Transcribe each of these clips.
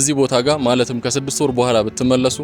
እዚህ ቦታ ጋር ማለትም ከስድስት ወር በኋላ ብትመለሱ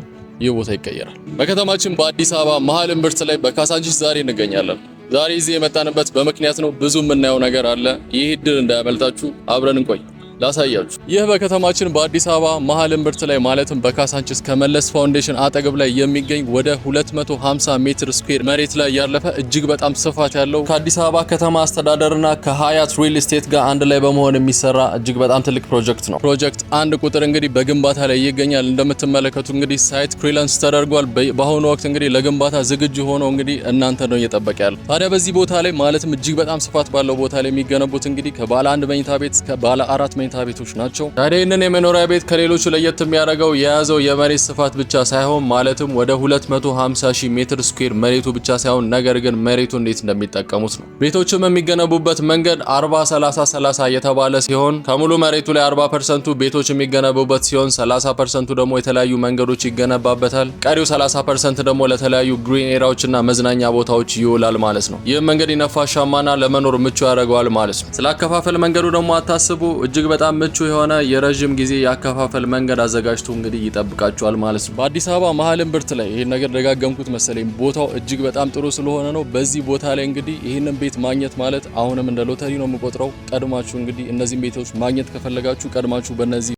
ይህ ቦታ ይቀየራል። በከተማችን በአዲስ አበባ መሀል እምብርት ላይ በካዛንቺስ ዛሬ እንገኛለን። ዛሬ እዚህ የመጣንበት በምክንያት ነው። ብዙ የምናየው ነገር አለ። ይህ እድል እንዳያመልጣችሁ፣ አብረን እንቆይ። ላሳያችሁ። ይህ በከተማችን በአዲስ አበባ መሀል እምብርት ላይ ማለትም በካሳንችስ ከመለስ ፋውንዴሽን አጠገብ ላይ የሚገኝ ወደ 250 ሜትር ስኩዌር መሬት ላይ ያለፈ እጅግ በጣም ስፋት ያለው ከአዲስ አበባ ከተማ አስተዳደርና ከሀያት ሪል ስቴት ጋር አንድ ላይ በመሆን የሚሰራ እጅግ በጣም ትልቅ ፕሮጀክት ነው። ፕሮጀክት አንድ ቁጥር እንግዲህ በግንባታ ላይ ይገኛል። እንደምትመለከቱ እንግዲህ ሳይት ክሊራንስ ተደርጓል። በአሁኑ ወቅት እንግዲህ ለግንባታ ዝግጁ ሆኖ እንግዲህ እናንተ ነው እየጠበቀ ያለ። ታዲያ በዚህ ቦታ ላይ ማለትም እጅግ በጣም ስፋት ባለው ቦታ ላይ የሚገነቡት እንግዲህ ከባለ አንድ መኝታ ቤት እስከ ባለ አራት መኝታ መኝታ ቤቶች ናቸው። ታዲያ ይህንን የመኖሪያ ቤት ከሌሎቹ ለየት የሚያደርገው የያዘው የመሬት ስፋት ብቻ ሳይሆን ማለትም ወደ 250 ሺህ ሜትር ስኩዌር መሬቱ ብቻ ሳይሆን ነገር ግን መሬቱ እንዴት እንደሚጠቀሙት ነው። ቤቶችም የሚገነቡበት መንገድ 40 30 30 የተባለ ሲሆን ከሙሉ መሬቱ ላይ 40 ፐርሰንቱ ቤቶች የሚገነቡበት ሲሆን 30 ፐርሰንቱ ደግሞ የተለያዩ መንገዶች ይገነባበታል። ቀሪው 30 ፐርሰንት ደግሞ ለተለያዩ ግሪን ኤራዎችና መዝናኛ ቦታዎች ይውላል ማለት ነው። ይህም መንገድ ነፋሻማና ለመኖር ምቹ ያደርገዋል ማለት ነው። ስለ አከፋፈል መንገዱ ደግሞ አታስቡ እጅግ በጣም ምቹ የሆነ የረዥም ጊዜ የአከፋፈል መንገድ አዘጋጅቶ እንግዲህ ይጠብቃቸዋል ማለት ነው። በአዲስ አበባ መሀል እምብርት ላይ ይህን ነገር ደጋገምኩት መሰለኝ፣ ቦታው እጅግ በጣም ጥሩ ስለሆነ ነው። በዚህ ቦታ ላይ እንግዲህ ይህንን ቤት ማግኘት ማለት አሁንም እንደ ሎተሪ ነው የምቆጥረው። ቀድማችሁ እንግዲህ እነዚህን ቤቶች ማግኘት ከፈለጋችሁ ቀድማችሁ በነዚህ